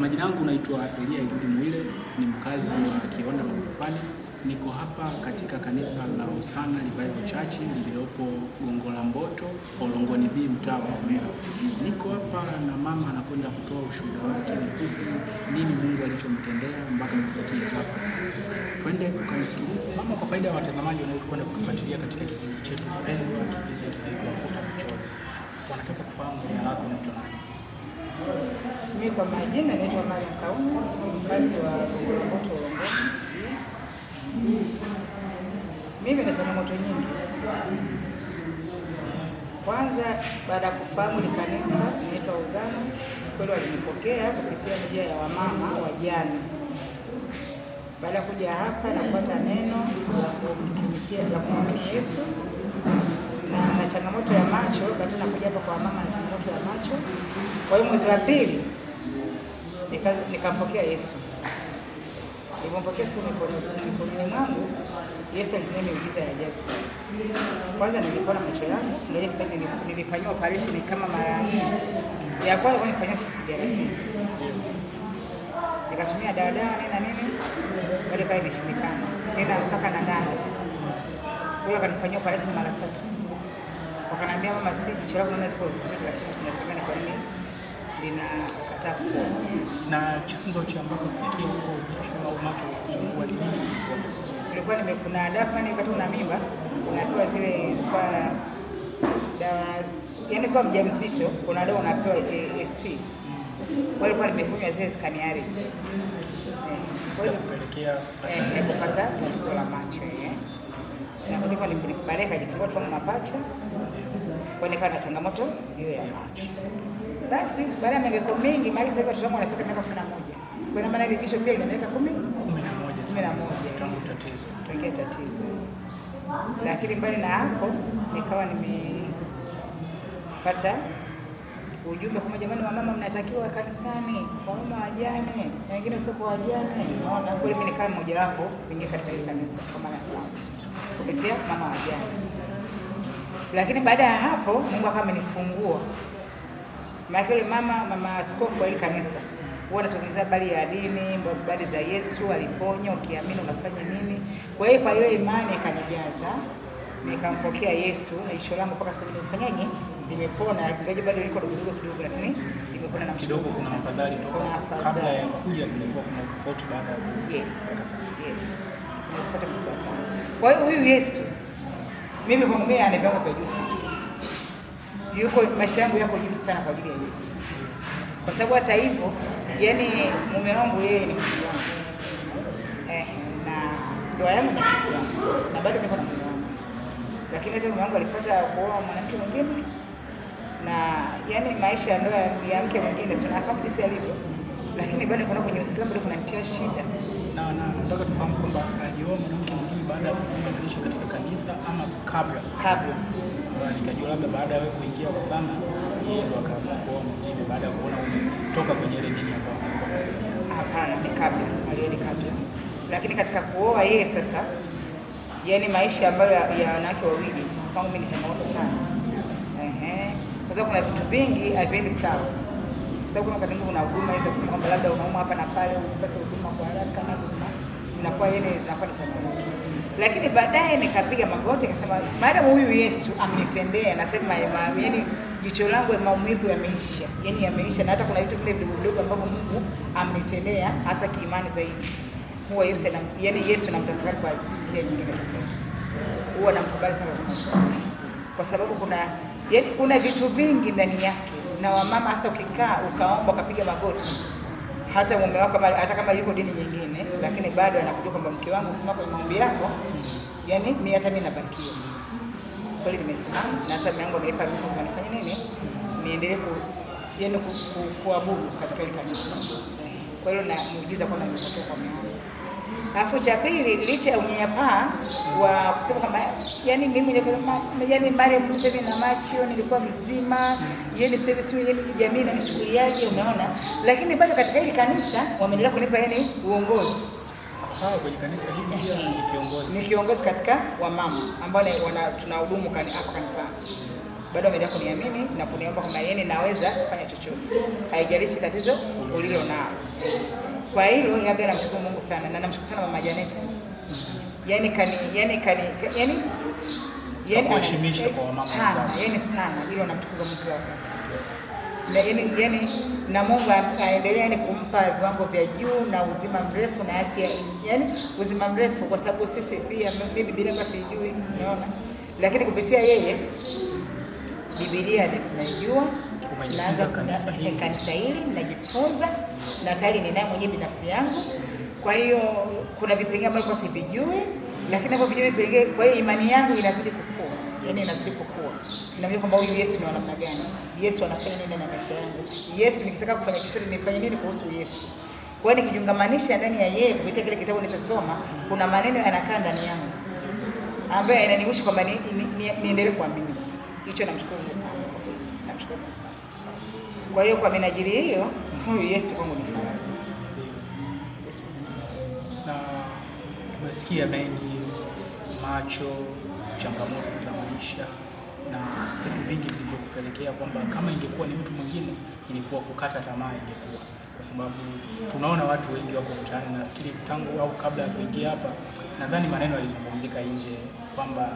Kwa majina yangu naitwa Elia Igudi Mwile, ni mkazi wa Kionda Magufuli. Niko hapa katika kanisa la Hosana Revival Church lililopo Gongo la Mboto, Olongoni B, mtaa wa Omero. Niko hapa na mama anakwenda kutoa ushuhuda wake mfupi, nini Mungu alichomtendea mpaka kufikia hapa sasa. Twende tukamsikilize mama, kwa faida ya watazamaji wanaokwenda kutufuatilia katika kipindi chetu pendwa, kipindi kinaitwa Futa Machozi. Wanataka kufahamu jina lako, unaitwa nani? Mimi kwa majina naitwa Maria Kaumu, mkazi wa moto Ulongoni. Mimi na changamoto nyingi. Kwanza, baada ya kufahamu ni kanisa inaitwa Uzano, kweli walinipokea kupitia njia ya wamama wajane. Baada ya kuja hapa na kupata neno la kumwamini Yesu na changamoto ya macho, kati nakuja hapa kwa wamama changamoto ya macho. Kwa hiyo mwezi wa pili nikampokea nika Yesu, nilipompokea Yesu mikononi mwangu, Yesu alitenda miujiza ya ajabu sana. Kwanza nilipona macho yangu, nilifanyiwa operation kama mara ya kwanza kwa nilifanyia CCRT, nikatumia dawadaa nini na nini, bado ikawa imeshindikana, nina mpaka na Nandana kule, akanifanyia operation mara tatu wakanambia mama, si jicho lako naona liko vizuri, lakini tunasema ni kwa nini linakataa kuona. Na chanzo cha mpaka kufikia huko jicho au macho kusumbua ni nini? Kulikuwa nimekuna dafa ni wakati una mimba unapewa zile kwa dawa, yani kwa mjamzito kuna dawa unapewa ASP walikuwa nimekunywa zile skaniari kupelekea eh, eh, kupata tatizo la macho eh yangu nilikuwa baadaye kajifungua mapacha, kwa nikawa kana changamoto hiyo ya macho. Basi baada ya miaka mingi mali sasa tutamu anafika miaka 11. Kwa maana ile kisho pia ina miaka 10 11 11 tangu tatizo. Tokea tatizo. Lakini mbali na hapo nikawa nimepata ujumbe kama jamani, wamama mnatakiwa kanisani, mama wajane na wengine sio kwa wajane. Naona kweli mimi nikawa mmoja wapo kuingia katika kanisa kama kuletea mama wajane. Lakini baada ya hapo Mungu akawa amenifungua, maana yule mama mama askofu wa ile kanisa huwa anatuzungumzia habari ya dini, habari za Yesu, aliponya, ukiamini unafanya nini. Kwa hiyo kwa ile imani ikanijaza, nikampokea Yesu na isho langu mpaka sasa nimefanyaje, nimepona. Ingawa bado liko dogo dogo kidogo, lakini nimepona na mshukuru. Kuna afadhali toka kabla ya kuja, kuna tofauti baada ya yes yes mfuate kubwa sana. Kwa hiyo huyu Yesu mimi kumwambia ana viwango vya juu sana. Yuko maisha yangu yako juu sana kwa ajili ya Yesu. Kwa sababu hata hivyo, yani mume wangu yeye ni Mwislamu. Eh, na ndoa yangu ni Mwislamu. Na bado niko na mume wangu. Lakini hata mume wangu alipata kuoa mwanamke mwingine na yani maisha ya ndoa ya mke mwingine si nafahamu jinsi alivyo. Lakini bado kuna kwenye Uislamu kuna mtia shida na nataka tufahamu kwamba alioa uh, mwanamke mwingine baada ya kuingia maisha katika kanisa ama kabla? Kabla. Nikajua labda baada ya wewe kuingia kwa sana yeye ndo akaamua kuoa mwingine baada ya kuona umetoka kwenye ile dini ambayo hapana, ni kabla, alioa ni kabla. Lakini katika kuoa yeye sasa, yani maisha ambayo ya wanawake wawili kwangu mimi ni changamoto sana. Ehe. Kwa sababu kuna vitu vingi haviendi sawa kwa sababu kuna wakati kuna huduma hizo kusema kwamba labda unauma hapa na pale, unapata huduma kwa haraka nazo zinakuwa yeye zinakuwa ni changamoto. Lakini baadaye nikapiga magoti nikasema, baada ya huyu Yesu amnitendea, nasema yani jicho langu ya maumivu yameisha, yani yameisha, na hata kuna vitu vile vidogo vidogo ambavyo Mungu amnitendea hasa kiimani zaidi, huwa Yesu na yani Yesu namtafakari kwa njia nyingine tofauti, huwa namkubali sana kwa sababu kuna yani kuna vitu vingi ndani yake na wamama, hasa ukikaa ukaomba ukapiga magoti, hata mume wako hata kama yuko dini nyingine, lakini bado anakujua kwamba mke wangu ukisimama kwenye maombi yako, yani mimi hata mimi nabakia kweli, nimesimama na hata mume wangu amenipa ruhusa kwamba nifanye nini, niendelee ku yani kuabudu katika ile kanisa. Kwa hiyo na muujiza kwa na kwa mume Alafu cha pili, licha ya unyanyapaa wa kusema kwamba yani mimi mwenye yani Mariam Museveni na macho nilikuwa mzima, yani service yani jamii na nichukuliaje, unaona, lakini bado katika hili kanisa wameendelea kunipa yani uongozi kwenye kanisa hili pia ni kiongozi Ni kiongozi katika wamama ambao tunahudumu kani hapa kanisa. bado wameendelea kuniamini na kuniomba kwamba yani naweza kufanya chochote, haijalishi tatizo ulilo nao. Kwa hilo labda namshukuru Mungu sana na namshukuru sana mama Janet. Yaani kani yaani kani yaani yaani kuheshimisha kwa mama sana, yaani sana hilo namtukuza Mungu kwa wakati. Na yaani yaani na Mungu ataendelea ni yaani kumpa viwango vya juu na uzima mrefu na afya. Yaani uzima mrefu kwa sababu sisi pia mimi bila kwa sijui unaona. Lakini kupitia yeye Biblia naijua naanza kanisa hili najifunza, na tayari ninaye mwenyewe binafsi yangu. Kwa hiyo kuna vipengele ambavyo sivijui, lakini hapo vijui vipengele. Kwa hiyo imani yangu inazidi kukua, yani inazidi kukua, naamini kwamba huyu Yesu ni namna gani, Yesu anafanya nini na maisha yangu, Yesu nikitaka kufanya chochote nifanye nini kuhusu Yesu. Kwa hiyo nikijungamanisha ndani ya yeye kupitia kile kitabu nilichosoma, kuna maneno yanakaa ndani yangu ambayo yananihusu kwamba niendelee kuamini. Hicho namshukuru Mungu sana. Namshukuru. Kwa hiyo kwa minajili hiyo Yesu kwangu ni furaha. Na tumesikia mengi, macho, changamoto za maisha na vitu vingi vilivyokupelekea kwamba kama ingekuwa ni mtu mwingine ilikuwa kukata tamaa ingekuwa kwa sababu tunaona watu wengi wako mtaani. Nafikiri tangu au kabla ya kuingia hapa, nadhani maneno yalizungumzika nje kwamba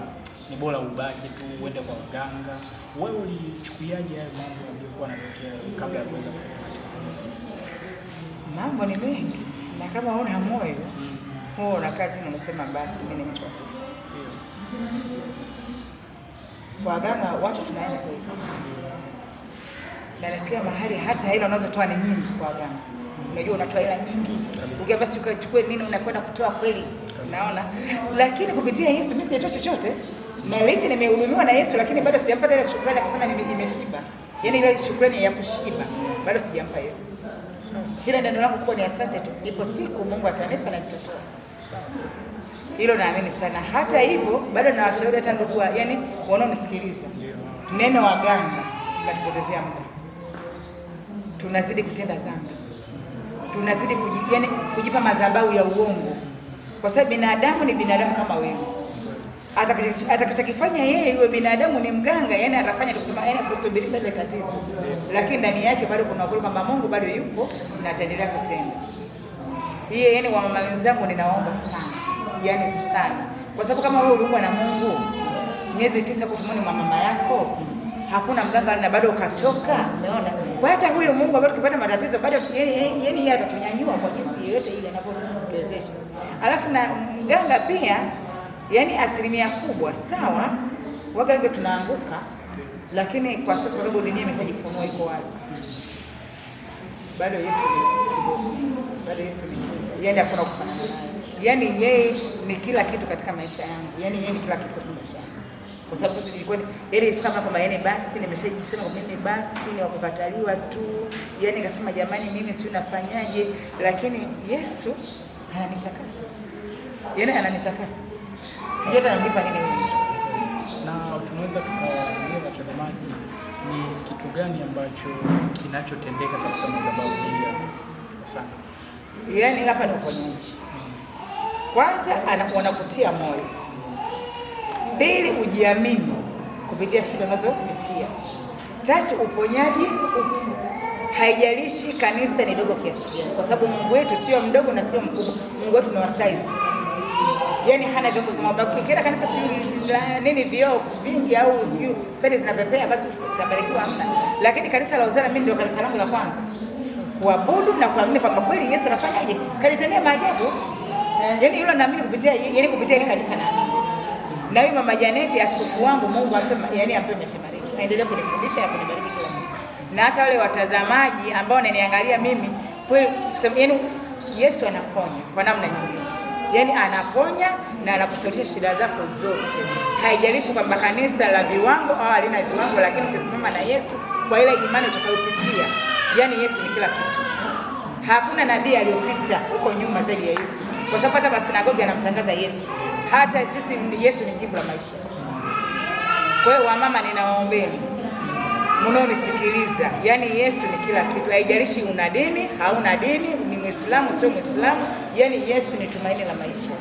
ni bora ubaki tu uende kwa mganga. Wewe ulichukuliaje hayo mambo yaliyokuwa yanatokea kabla ya kuweza kufika? Mambo ni mengi, na kama una moyo huo unakaa tena unasema basi mimi ni mtu wa kufa. Kwa waganga watu tunaenda kwa na nafikia mahali hata hela unazotoa ni nyingi kwa waganga. Unajua unatoa hela nyingi, ukiwa basi ukachukue nini unakwenda kutoa kweli naona. Lakini kupitia Yesu mimi sijatoa chochote, malaiti nimehudumiwa na Yesu, lakini bado sijampata ile shukrani ya kusema nimeshiba, yaani ile shukrani ya kushiba bado sijampa Yesu. Kila neno lako kuwa ni asante tu, ipo siku Mungu atanipa na nitatoa. Hilo naamini sana. Hata hivyo bado nawashauri hata ndugu, yaani wanaonisikiliza, neno waganga natupotezea muda, tunazidi kutenda dhambi, tunazidi yaani, kujipa madhabahu ya uongo kwa sababu binadamu ni binadamu kama wewe. Atakachokifanya yeye yule binadamu ni mganga, yani atafanya kusema, yani kusubiri ile tatizo, lakini ndani yake bado kuna ukuri kwamba Mungu bado yupo na ataendelea kutenda. Hiyo yani, wamama wenzangu, ninaomba sana, yani sana, kwa sababu kama wewe uliumbwa na Mungu miezi tisa kutumuni mwa mama yako hakuna mganga na bado ukatoka. unaona. kwa hata huyo Mungu ambaye tukipata matatizo bado yeye yeye atatunyanyua kwa jinsi yoyote ile anavyotuwezesha. Alafu na mganga pia, yani asilimia kubwa sawa, waganga tunaanguka, lakini kwa sasa, kwa sababu dunia imeshajifunua iko wazi, bado Yesu ni bado Yesu ni yaani, hakuna kufanya, yani yeye ni kila kitu katika maisha yangu, yani yeye ni kila kitu kwa sababu sisi nilikuwa yani kama yani basi nimeshajisema mimi basi ni wakukataliwa tu, yani nikasema jamani, mimi si nafanyaje? Lakini Yesu ananitakasa, yani ananitakasa, sijui hata ananipa nini. Na tunaweza tukaangalia watazamaji, ni kitu gani ambacho kinachotendeka katika madhabahu hii ya Hosana? Yani hapa ni uponyaji hmm. kwanza, kutia moyo Mbili, ujiamini kupitia shida unazopitia. Tatu, uponyaji upo. Haijalishi kanisa ni dogo kiasi gani, kwa sababu Mungu wetu sio mdogo na sio mkubwa. Mungu wetu ni wa size, yaani hana vyombo vya mabaki. Ukienda kanisa si nini vioo vingi au sio fedha zinapepea, basi utabarikiwa, hamna. Lakini kanisa la Uzara, mimi ndio kanisa langu la kwanza kuabudu na kuamini kwamba kweli Yesu anafanyaje, kanitendea maajabu. Yaani yule naamini kupitia, yaani kupitia ile kanisa na na huyu mama Janeti askofu wangu, Mungu ampe yani, ampe meshabariki, aendelee kunifundisha na kunibariki kila siku, na hata wale watazamaji ambao wananiangalia mimi kweli, yani Yesu anaponya kwa namna nyingine, yani anaponya na anakusuluhisha shida zako zote, haijalishi kwamba kanisa la viwango au halina viwango, lakini ukisimama na Yesu kwa ile imani utakayopitia, yani Yesu ni kila kitu. Hakuna nabii aliyopita huko nyuma zaidi ya Yesu, kwa sababu hata masinagogi anamtangaza Yesu hata sisi Yesu ni jibu la maisha. Kwa hiyo wamama, ninawaombeni mnaonisikiliza, yaani Yesu ni kila kitu, haijalishi una dini hauna dini, ni Mwislamu sio Mwislamu, yaani Yesu ni tumaini la maisha.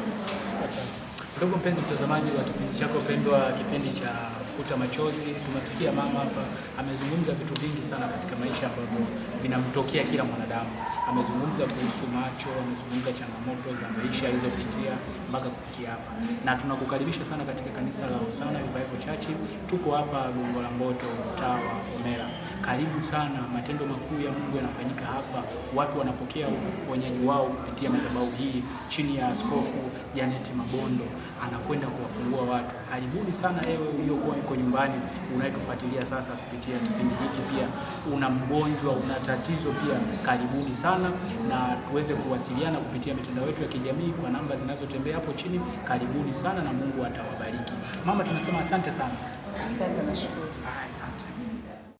Ndugu mpenzi mtazamaji wa kipindi chako pendwa, kipindi cha Futa Machozi, tumemsikia mama hapa amezungumza vitu vingi sana katika maisha ambavyo vinamtokea kila mwanadamu amezungumza kuhusu macho, amezungumza changamoto za maisha alizopitia mpaka kufikia hapa, na tunakukaribisha sana katika kanisa la Hosana Revival Church. Tuko hapa Gongo la Mboto, mtaa wa Omera. Karibu sana, matendo makuu ya Mungu yanafanyika hapa, watu wanapokea uponyaji wao kupitia madhabahu hii chini ya Askofu Janet Mabondo, anakwenda kuwafungua watu. Karibuni sana ewe uliokuwa uko nyumbani unayetufuatilia sasa kupitia kipindi hiki, pia una mgonjwa, una tatizo pia, karibuni sana sana na tuweze kuwasiliana kupitia mitandao yetu ya kijamii kwa namba zinazotembea hapo chini. Karibuni sana na Mungu atawabariki. Mama, tunasema asante sana. Asante, shukrani.